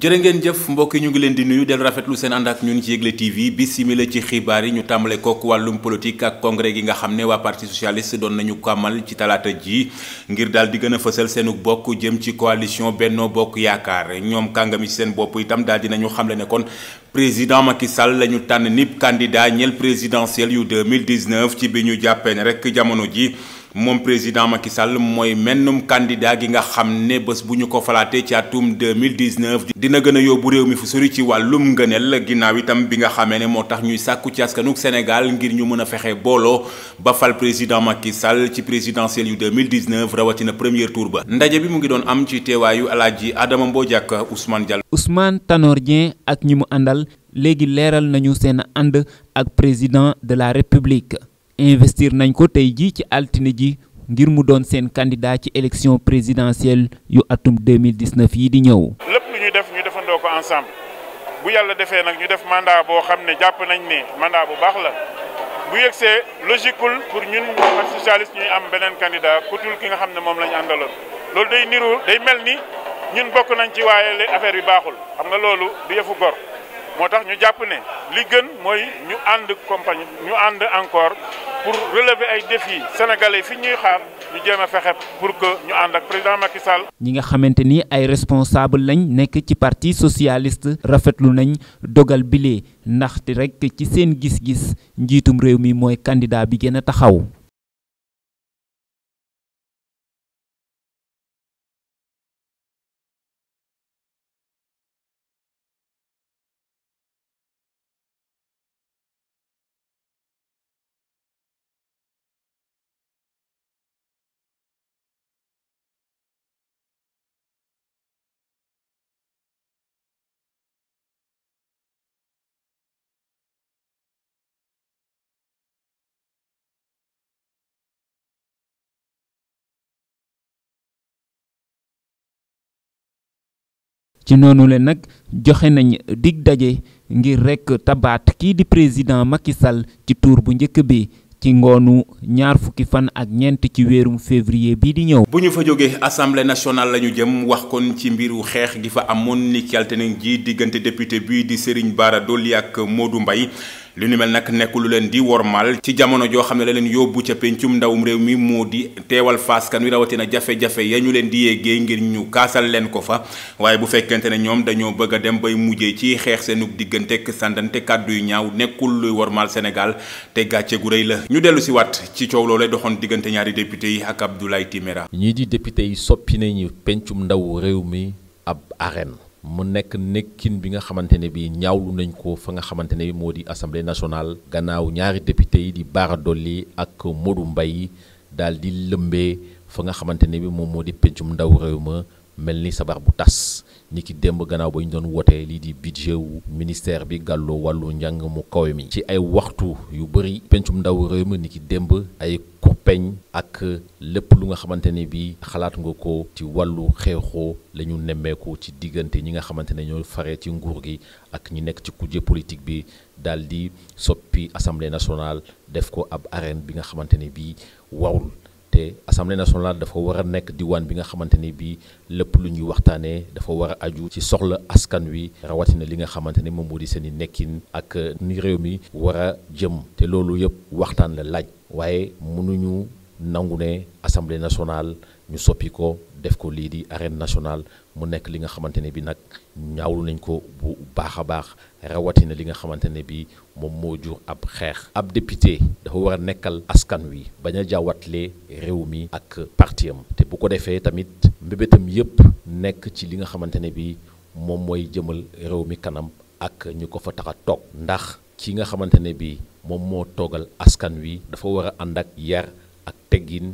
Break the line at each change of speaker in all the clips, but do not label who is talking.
jërë jëf mbokk ñu ngi leen di nuyu del rafetlu seen TV bi ci ñu politique ak congrès gi nga ne parti socialiste doon nañu ko ci talaata ji ngir daal a bokk jëm ci coalition Benno Bokk Yaakaar ñoom kàngami ci seen bopp itam kon président Macky Sall la candidat présidentiel yu 2019 ci bi ñu rek moom président Macky Sall mooy mennum candidat gi nga xam ne bés bu ñu ko falaatee ci atum 2019 dina gën a yóbbu réew mi fi sori ci wàllum gëneel ginnaaw itam bi nga xamee ne moo tax ñuy sàkku ci askanu Sénégal ngir ñu mën a fexe booloo ba fal président Macky Sall ci présidentielle yu 2019 rawatina premier tour ba ndaje bi mu ngi doon am ci teewaayu alaaji Adama Mbodj ak Ousmane Diallo. Ousmane
Tanor Dieng ak ñi mu àndal léegi leeral nañu seen ànd ak président de la République. investir nañ ko tey jii ci altine ji ngir mu doon seen candidat ci élection présidentielle yu atum 2019 yi di
ñëw.
lépp lu ñu def ñu defandoo ko ensemble bu yàlla defee nag ñu def mandat boo xam ne jàpp nañ ne mandat bu baax la bu yegsee logicul pour ñun parti socialiste ñuy am beneen candidat kutul ki nga xam ne moom la ñu àndaloon loolu day niru day mel ni ñun bokk nañ ci waaye affaire bi baaxul xam nga loolu du yëfu gor. moo tax ñu jàpp ne li gën mooy ñu ànd pour relever ay défis sénégalais fi ñuy
xaar ñu jéem a fexe pour que
ñu ànd ak président Macky ñi nga xamante ni ay responsable lañ nekk ci parti socialiste rafetlu nañ dogal bile ndaxte rek ci seen gis-gis njiitum réew mi mooy candidat bi gën a taxaw. ci noonu leen nag joxe nañ dig daje ngir rekk tabaat kii di président Macky Sall ci tour bu njëkk bi ci ngoonu ñaar fukki fan ak ñeent ci weerum février bii di ñëw.
bu ñu fa jógee assemblée nationale la ñu jëm wax kon ci mbiru xeex gi fa amoon ni ki altine ji diggante député bii di Serigne Bara Dolly ak Modou mbay li nu mel nag nekk lu leen di wormal ci jamono joo xam ne la leen yóbbu ca pencum ndawum réew mi moo di teewal faaskan wi rawatina jafe-jafe ya ñu leen di yéegee ngir ñu kaasal leen ko fa waaye bu fekkente ne ñoom dañoo bëgg a dem bay mujjee ci xeex seenug diggantek sàndante kàddu yu ñaaw nekkul luy wormal Sénégal te gàcce gu rëy la ñu dellu si ci coow loolee doxoon diggante ñaari député yi ak Abdoulaye Timéra
ñii di député yi soppi nañu pencum ndawu réew mi ab mu nekk nekkin bi nga xamante ne bi ñaawlu nañ ko fa nga xamante ne bi moo di assemblée nationale gannaaw ñaari député yi di Bara Dolly ak Modou Mbaye daal di lëmbee fa nga xamante ne bi moom moo di pencum ndaw réew ma mel ni sabar bu tas ñi ki démb gannaaw ba ñu doon wootee lii di budget wu ministère bi gàlloo wàllu njàng mu kawe mi ci ay waxtu yu bëri pencum ndaw réew mi ni ki démb ay peñ ak lépp lu nga xamante ne bii xalaat nga ko ci wàllu xeexoo lañu nemmeeku ci diggante ñi nga xamante ne ñoo fare ci nguur gi ak ñi nekk ci kujje politique bi dal di soppi assemblée nationale def ko ab arène bi nga xamante ne bii warul te assemblée nationale dafa war a nekk diwaan bi nga xamante ni bii lépp lu ñuy waxtaanee dafa war a aju ci soxla askan wi rawatina li nga xamante ni moom moo di seen i nekkin ak ni réew mi war a jëm te loolu yëpp waxtaan la laaj waaye mënuñu. nangu ne assemblée nationale ñu soppi ko def ko lii di arène nationale mu nekk li nga xamante ne bi nag ñaawlu nañ ko bu baax a baax rawatina li nga xamante ne bi moom moo jur ab xeex ab député dafa war a nekkal askan wi bañ a jaawatle réew mi ak parti te bu ko defee tamit mbébétam yépp nekk ci li nga xamante ne bi moom mooy jëmal réew mi kanam ak ñu ko fa tax a toog ndax ki nga xamante ne bi moom moo toogal askan wi dafa war a ànd ak yar ak teggin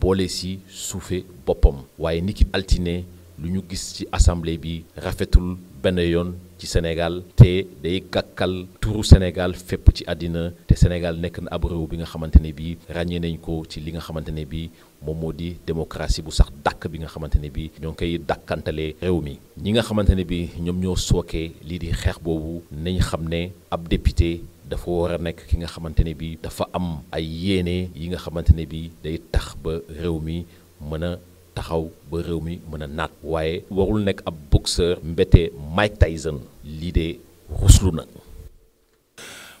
boole si suufe boppam waaye ni ki altine lu ñu gis ci assamble bi rafetul benn yoon ci Sénégal te day gàkkal turu Sénégal fépp ci àddina te Sénégal nekk na ab réew bi nga xamante ne bii ràññee nañ ko ci li nga xamante ne bii moom moo di démocratie bu sax dàkk bi nga xamante ne bii ñoo koy dàkkantalee réew mi ñi nga xamante ne bii ñoom ñoo sookee lii di xeex boobu nañ xam ne ab député dafa war a nekk ki nga xamante ne bii dafa am ay yéene yi nga xamante ne bii day tax ba réew mi a taxaw ba réew mi mën a naat waaye warul nekk ab boxeur mbete Mike Tyson lii de ruslu na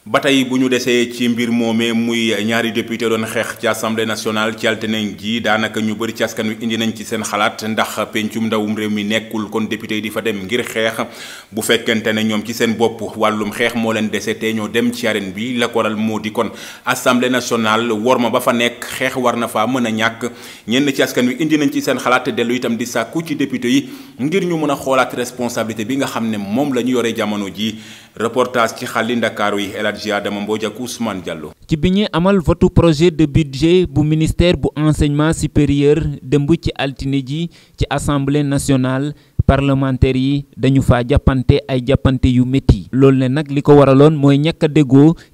ba tey bu ñu desee ci mbir moomee muy ñaari député doon xeex ci assemblée nationale ci altine ji daanaka ñu bari ci askan wi indi nañ ci seen xalaat ndax pencum ndawum réew mi nekkul kon député yi di fa dem ngir xeex bu fekkente ne ñoom ci seen bopp wàllum xeex moo leen dese te ñoo dem ci bi la moo di kon assemblée nationale wor ma ba fa nekk xeex war na faa mën a ñàkk ñenn ci askan wi indi nañ ci seen xalaat dellu itam di sàkku ci député yi ngir ñu mën a xoolaat responsabilité bi nga xam ne moom la ñu yore jamono ji reportage ci xàlli dakar yi El Diallo.
ci biñi amal votu projet de budget bu ministère bu enseignement supérieur démb ci altine ji ci assemblée nationale parlementaire yi dañu fa j'apante ay jàppante yu metti loolu ne nak liko ko moy mooy ñàkk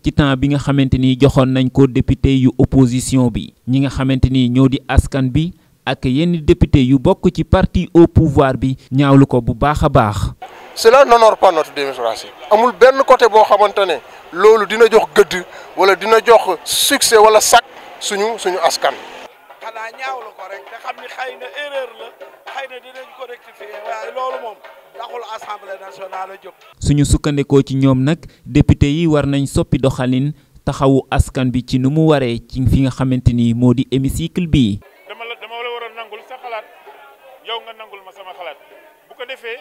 ci temps bi nga xamanteni joxon nañ ko député yu opposition bi ñi nga xamanteni ni ñoo di askan bi ak yenn député yu bokk ci parti au pouvoir bi ñaawlu ko bu baaxa baax.
cela n'honore pas notre démocratie amul benn côté bo xamantene lolu dina jox geud wala dina jox succès wala sac suñu suñu askan. xanaa ñaawul ko rek te xamni ni erreur la xëy
dinañ ko rectifier way lolu mom taxul assemblée nationale a jóg. suñu sukkandikoo ci ñom nak député yi war nañ soppi doxalin taxawu askan bi ci numu waré ci fi nga xamanteni modi hémicycle bi
dama la dama wala war nangul sa xalat yow nga nangul ma sama xalat bu ko defee.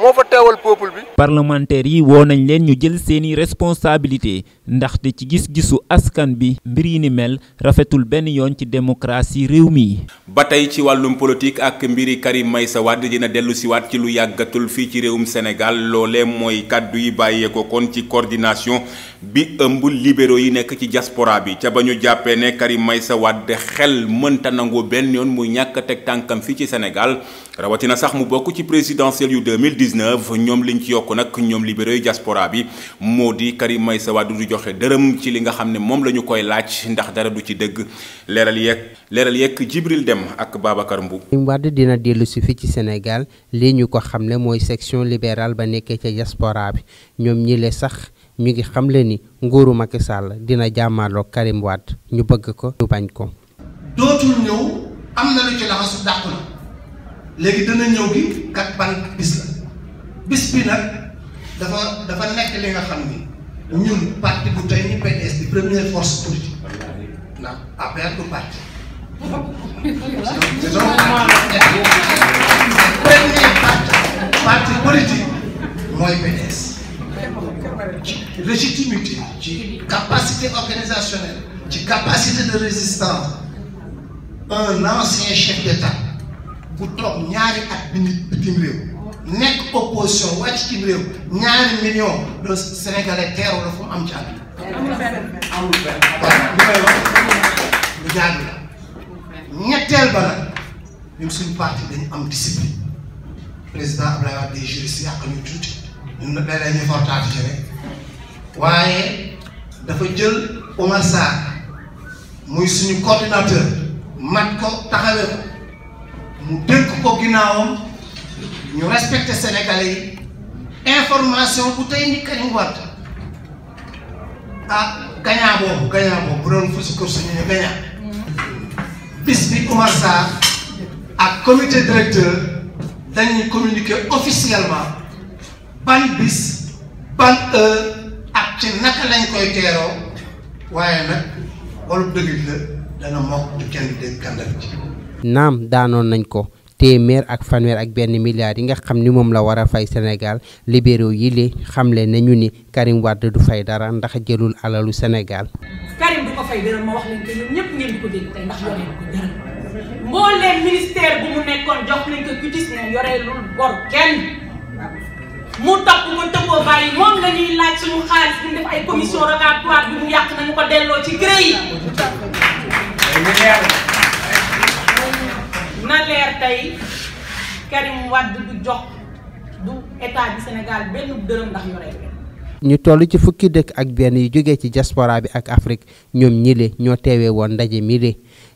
moo fa teewal
peuple bi. parlementaires yi woo nañ leen ñu jël seeni responsabilité ndaxte ci gis-gisu askan bi mbir yi ni mel rafetul benn yoon ci démocratie réew
mi.
ba tey ci wàllum politique ak mbiri Karim Meïssa Wade dina dellu si waat ci lu yàggatul fii ci réewum Sénégal loolee mooy kàddu yi bàyyeekoo kon ci coordination bi ëmb libéraux yi nekk ci diaspora bi ca ba ñu jàppee ne Karim sa Wade xel mënta nangoo benn yoon muy ñàkk tànkam fii ci Sénégal rawatina sax mu bokk ci présidentielle yu 2010 19 ñoom liñ ci yokk nag ñoom libéraux yi diaspora bi moo di Karim Meïssa Wade du joxe dërëm ci li nga xam ne moom la ñu koy laaj ndax dara du ci dëgg leeral yeeg leeral yeeg Jibril Dem ak Babacar Mbu.
Karim dina dellu si fii ci Sénégal lii ñu ko xam ne mooy section libérale ba nekkee ca diaspora bi ñoom ñi le sax ñu ngi xamle ni nguuru Macky dina jàmmaarloo Karim ñu bëgg ko ñu
dootul ñëw am na lu ci laxasu dàq na léegi dana ñëw gi kat ban bis la bis bi nag dafa dafa li nga ñun parti première force politique parti parti politique PDS légitimité capacité organisationnelle capacité de résistance un ancien chef d'État pour toog ñaari at bi nekk opposition wàcc ci réew ñaari million de sénégalais teeru la fu am ci àdduna. amul lu jaadu la ñetteel ba nag ñun suñu parti dañu am discipline président Abdoulaye Wade des juristes yàq ñu tuuti ñun nag léeg-léeg ñu waaye dafa jël Omar Sarr muy suñu coordinateur mat ko taxawee ko mu dénk ko ginnaawam. ñu respecté sénégalais yi information bu tey ni Karim Wade ah gañaa boobu bu doon fusi course ñu ne gañaa bis bi Oumar ak comité directeur dañuy communiquer officiellement ban bis ban ak ci naka lañ koy teeroo waaye nag walu dëgg la dana mokk du kenn dégg kàndal ci
naam daanoon nañ ko téeméer ak fanweer ak benn milliard yi nga xam ni moom la war a fay senegaal libéraux yi li xamle nañu ni Karim du fay dara ndax jëlul alalu senegaal
Karim du ko fay dara ma wax leen ko ñun ñëpp ngeen ko dégg tey ndax yoree ko dara bor kenn mu topp mu tëggoo bàyyi moom la laaj suñu xaalis bi def ay commission rogatoire bi mu yàq nañu ko delloo ci gré na tey Karim du jox du état du Sénégal benn dërëm ndax yore
ñu toll ci fukki dëkk ak benn yu jóge ci diaspora bi ak Afrique ñoom ñi ñile ñoo teewee woon ndaje mile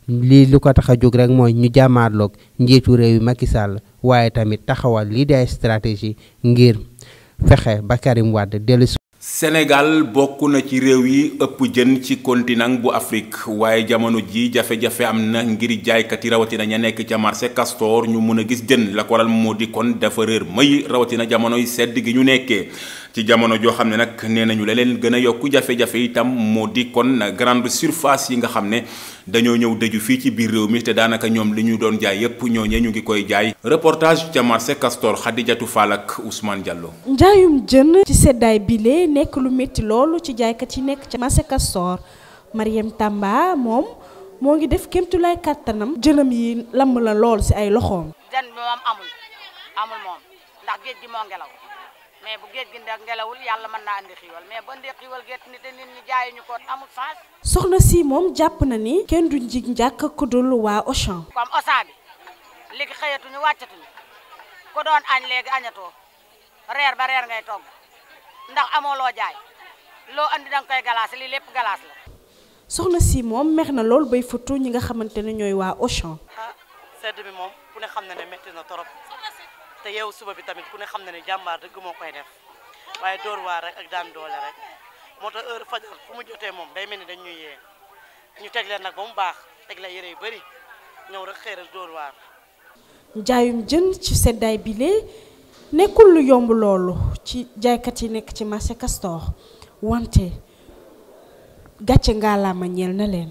lii lu ko tax a jóg rekk mooy ñu jàmmaarloog njiitu réew yi Macky Sall waaye tamit taxawal lii di ay ngir fexe ba Karim Wade
senegal bokk na ci réew yi ëpp jën ci continent bu Afrique waaye jamono ji jafe-jafe am na ngir jaaykat yi rawatina ña nekk ca marché Castor ñu mën a gis jën la ko waral moo di kon dafa réer may rawatina jamonoy sedd gi ñu nekkee ci jamono joo xam ne nag nee nañu la leen gën a yokku jafe-jafe itam moo di kon na grande surface yi nga xam ne dañoo ñëw dëju fii ci biir réew mi te daanaka ñoom li ñu doon jaay yépp ñooñee ñu ngi koy jaay reportage ca marché Castor Khadijatou Fall ak Ousmane Diallo.
njaayum jën ci seddaay bile nekk lu métti loolu ci jaaykat yi nekk ca marché Castor Mariam Tamba moom moo ngi def kéemtulaay kàttanam jënam yi lamb la lool ci ay loxoom. jën bi moom amul moo ngelaw. mais bu géej gi ndax ngelawul yàlla mën naa andi xiiwal mais ba andi xiiwal géej nit nit ñi jaayu ñu ko amul sens. soxna sii moom jàpp na ni. kenn du njig njàkk ku dul waa Auchan. comme Auchan bi léegi xëyatuñu wàccatuñu ko doon añ léegi añatoo reer ba reer ngay togg ndax amoo loo jaay loo andi danga koy galaas lii lépp galaas la. soxna sii moom meex na lool bay futu ñi nga xamante ne ñooy waa Auchan. Ah, sedd bi moom ku xam na ne na torop te yeewu suba bi tamit ku ne xam na ne jàmbaar dëgg moo koy def waaye dóor waar ak daan doole rek moo tax heure fajar fu mu jotee moom day mel ni dañ ñuy yee ñu teg leen nag ba mu baax teg la yére yu bari
ñëw rek xëyral dóor
njaayum jën ci seddaay bi bile nekkul lu yomb loolu ci jaaykat yi nekk ci marché Castor wante gàcce ngaalaama ñeel na leen.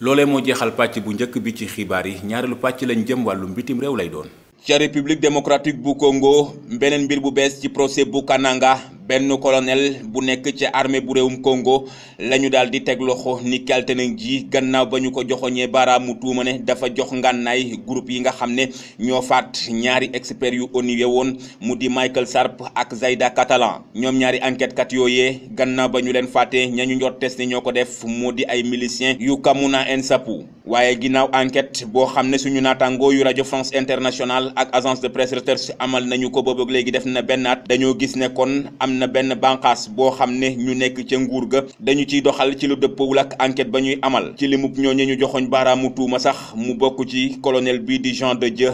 loole moo jeexal pàcc bu njëkk bi ci xibaar yi ñaareelu pàcc lañ jëm wàllu bitim réew lay doon. ca république démocratique bu Congo beneen mbir bu bees ci procès bu Kananga benn colonel bu nekk ci armée bu réewum Congo la ñu daal di teg loxo ni kaltenag ji gannaaw ba ñu ko joxoñee baaraamu tuuma ne dafa jox ngànnaay groupe yi nga xam ne ñoo faat ñaari experts yu ONU woon mu di Michael Sarp ak Zaida Catalan ñoom ñaari enquête kat yooyee gannaaw ba ñu leen faatee ñañu njort test ni ñoo ko def mu di ay miliciens yu Kamuna Nsapu waaye ginnaaw enquête boo xam ne suñu naataangoo yu rajo France Internationale ak agence de presse amal nañu ko boobu léegi benn bànqaas boo xam ne ñu nekk ca nguur ga dañu ciy doxal ci lu dëppawul ak enquête ba ñuy amal ci limub ñooñu ñu joxoñ baaraamu tuuma sax mu bokk ci kolonel bii di Jean de Dieu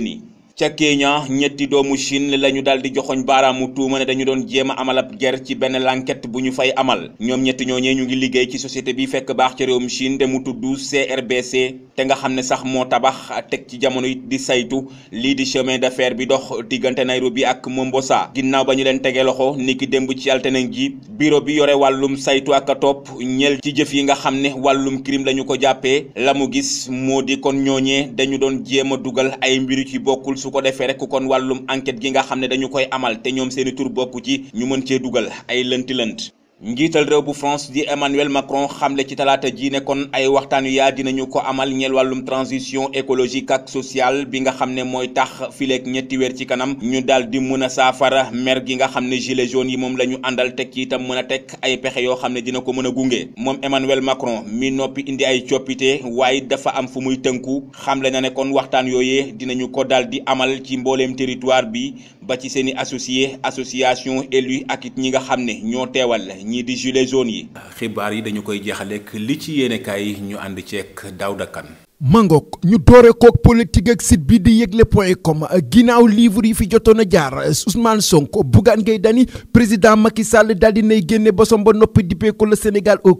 ni ca Kenya ñetti doomu Chine lañu dal di joxoñ baaraamu tuuma ne dañu doon jema amal ab guerre ci benn bu fay amal ñoom ñetti ñooñee ñu ngi liggéey ci société bi fekk baax ca réewum Chine te mu tudd CRBC te nga xam ne sax moo tabax teg ci jamono it di saytu lii di chemin d'affaires bi dox diggante Nairobi ak Mombasa ginnaaw ba ñu leen tegee loxo niki démb ci altine ji bureau bi yore wàllum saytu ak topp ñel ci jëf yi nga xam ne wàllum crime lañu ko jàppee la gis moo di kon ñooñee dañu doon jema dugal ay mbiru ci bokkul bu ko defee rek kon wàllum enquête gi nga xam ne dañu koy amal te ñoom seeni tur bokku ci ñu mën cee dugal ay lënt lënt njiital réew bu France di Emmanuel Macron xamle ci talaata ji ne kon ay waxtaan yaa dinañu ko amal ñeel wàllum transition écologique ak sociale bi nga xam ne mooy tax fileek ñetti weer ci kanam ñu daal di mën a saafara mer gi nga xam ne gilet jaune yi moom la ñu àndal teg ci itam mën a teg ay pexe yoo xam ne dina ko mën a gunge moom Emmanuel Macron mi noppi indi ay coppite waaye dafa am fu muy tënku xamle na ne kon waxtaan yooyee dinañu ko daal di amal ci mbooleem territoire bi ba ci seen i associé association élu ak it ñi nga xam ne ñoo teewal ñii di gilets jaunes yi. xibaar yi dañu koy jeexaleek li ci yéenekaay ñu ànd ceek Daouda Kane
mangook ñu doore kook politique ak site bi di yëgle point a ginnaaw livre yi fi jotoon a jaar Ousmane Sonko Bougane Gueye Dany président Macky Sall daal di nay génne bosam ba noppi dippee ko Sénégal au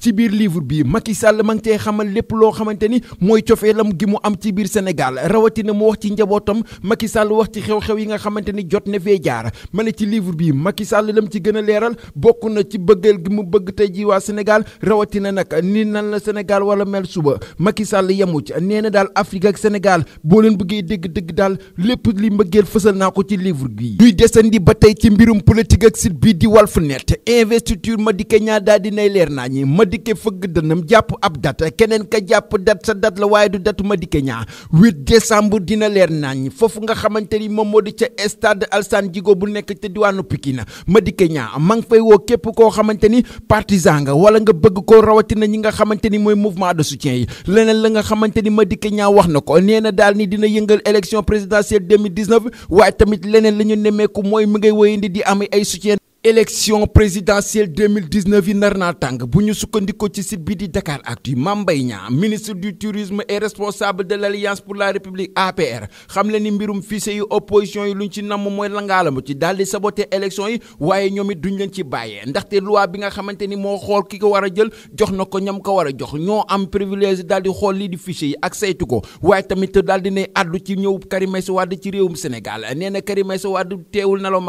ci biir livre bi Macky Sall ma ngi tee xamal lépp loo xamante ni mooy cofeelam gi mu am ci biir Sénégal rawatina mu wax ci njabootam Macky Sall wax ci xew-xew yi nga xamante ni jot na fee jaar ma ne ci livre bi Macky la lam ci gën a leeral bokk na ci bëggeel gi mu bëgg tey ji waa Sénégal rawatina nag ni nan la Sénégal wala mel suba Macky Sall yemu ca nee na daal Afrique ak Sénégal boo leen bëggee dégg dëgg daal lépp li mbëggeel fësal naa ko ci livre bii duy desandi ba tey ci mbirum politique ak site bii di Walf Net investiture di Niang daal dinay leer naa ñi Madické fëgg dënam jàpp ab date keneen ka jàpp date sa date la waaye du date Madické Niang 8 décembre dina leer naa ñi foofu nga xamante ni moom moo di ca stade Alassane Djigo bu nekk te di Pikine Madické Niang ma ngi fay woo képp koo xamante ni partisan nga wala nga bëgg ko rawatina ñi nga xamante ni mooy mouvement de soutien nga xamante ni Madické Niang wax na ko nee na daal ni dina yëngal élection présidentielle 2019 waa tamit leneen la ñu nemmeeku mooy mi ngay wéyandi di am ay soutien élection présidentielle 2019 yi nar naa tàng bu ñu ci site bi di Dakar Actu Mame Niang ministre du tourisme et responsable de l'alliance pour la république APR xam le ni mbirum yu opposition yi luñ ci namm mooy langaalamu ci daal di saboter élection yi waaye ñoom it duñ leen ci bàyyee ndaxte loi bi nga xamante ni moo xool ki ko war a jël jox na ko ñam ko war jox ñoo am privilège daal di xool lii di fichier yi ak saytu ko waaye tamit daal di ne addu ci ñëw Karim Wade ci réewum Sénégal nee na Karim Wade teewul na loo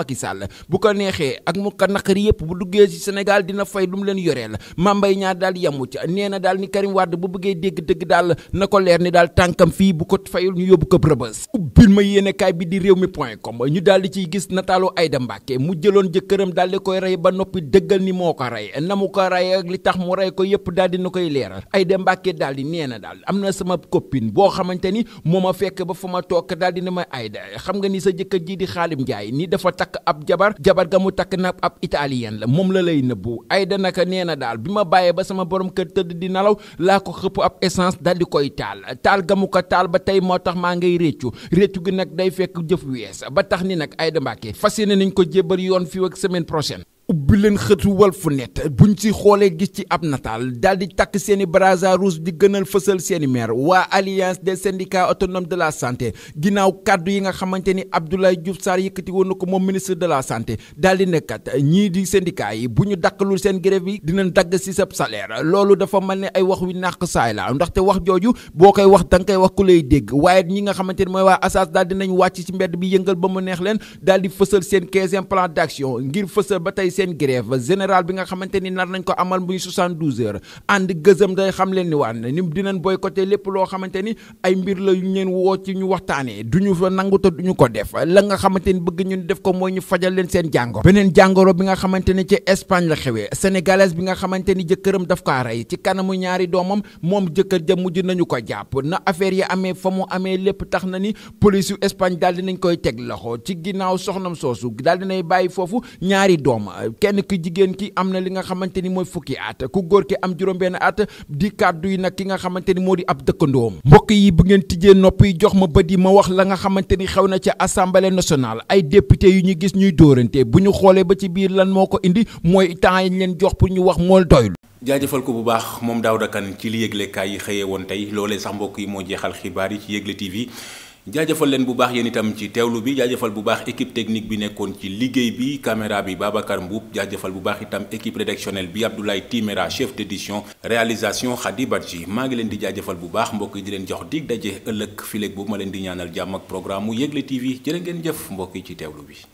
bu ko neexee mu ko naqari yëpp bu duggee ci Sénégal dina fay lu mu leen yoreel mambay ñaar daal yamu ca nee na daal ni Karim Wade bu bëggee dégg dëgg daal na ko leer ni daal tànkam fii bu ko fayul ñu yóbbu ko rëbës ubbil ma yéenekaay bi di réew mi point com ñu daal di ciy gis nataalu Aïda Mbacke mu jëloon jëkkëram daal di koy rey ba noppi dëggal ni moo ko rey na mu ko rey ak li tax mu rey ko yëpp daal di na koy leeral Aïda Mbacke daal di nee na daal am n sama copine boo xamante ni moo ma fekk ba fa ma toog daal di na ma Aïda xam nga ni sa jëkkër ji di Xaalim Njaay ni dafa takk ab jabar jabar ab italien la moom la lay nëbbu Aïda a nee na daal bi ma bàyyee ba sama borom kër tëdd di nalaw laa ko xëpp ab essence daal di koy taal taal gamu ko taal ba tey moo tax maa ngay réccu réccu gi nag day fekk jëf wees ba tax ni nag Aïda Mbacke fas ne nañ ko jébbal yoon fii ak semaine prochaine ubbi leen xëtu Walf net ñu ci xoolee gis ci ab nataal daal di takk seeni i brassard rouge di gënal fësal seen i maire waa alliance des syndicats otonom de la santé ginnaaw kàddu yi nga xamante ni Abdoulaye Diouf Sarr yëkkati woon na ko moom ministre de la santé daal di nekkat ñii di syndicats yi bu ñu dakkalul seen grève yi dinañ dagg si sa salaire loolu dafa mel ne ay wax wi nàq saay la ndaxte wax jooju boo koy wax da nga koy wax ku lay dégg waaye ñi nga xamante ni mooy waa ASAS daal dinañ wàcc ci mbedd bi yëngal ba mu neex leen daal di fësal seen quinzième plan d'action ngir fësal ba tey seen grève général bi nga xamante ni nar nañ ko amal muy 72 heures ànd gësëm day xam leen ni waan ni dinañ boycotté lépp loo xamante ni ay mbir la yu ngeen woo ci ñu waxtaanee du ñu fa nangu te du ñu ko def la nga xamante ni bëgg ñun def ko mooy ñu fajal leen seen jàngoro beneen jàngoro bi nga xamante ni ci Espagne la xewee sénégalaise bi nga xamante ni jëkkëram daf kaa rey ci kanamu ñaari doomam moom jëkkër ja mujj nañu ko jàpp na affaire yi amee fa mu amee lépp tax na ni police yu Espagne daal dinañ koy teg loxo ci ginnaaw soxnam soosu daal kenn ki jigéen ki am na li nga xamante ni mooy fukki at ku góor ki am juróom-benn at di kàddu yi nag ki nga xamante ni moo di ab dëkkandoom mbokk yi bu ngeen tijjee nopp yi jox ma bët yi ma wax la nga xamante ni xew na ca assemblée nationale ay député yu ñu gis ñuy dóorante bu ñu xoolee ba ci biir lan moo ko indi mooy temps yi leen jox pour ñu wax mool doylu
jaajëfal ko bu baax moom Daouda Kane ci li yëglekaay yi xëyee woon tey loolee sax mbokk yi moo jeexal xibaar yi ci yëgle TV jaajëfal len bu baax yéen itam ci teewlu bi jaajëfal bu baax équipe technique bi nekkoon ci liguey bi caméra bi Babacar mboup jaajëfal bu baax itam équipe rédactionnelle bi Abdoulaye Timéra chef d'édition réalisation Khady Badji maa ngi len di jaajëfal bu baax mbokk yi di len jox dig dajé euleuk fileeg bu ma len di ñaanal programme Yegle TV jërë ngeen jëf ci bi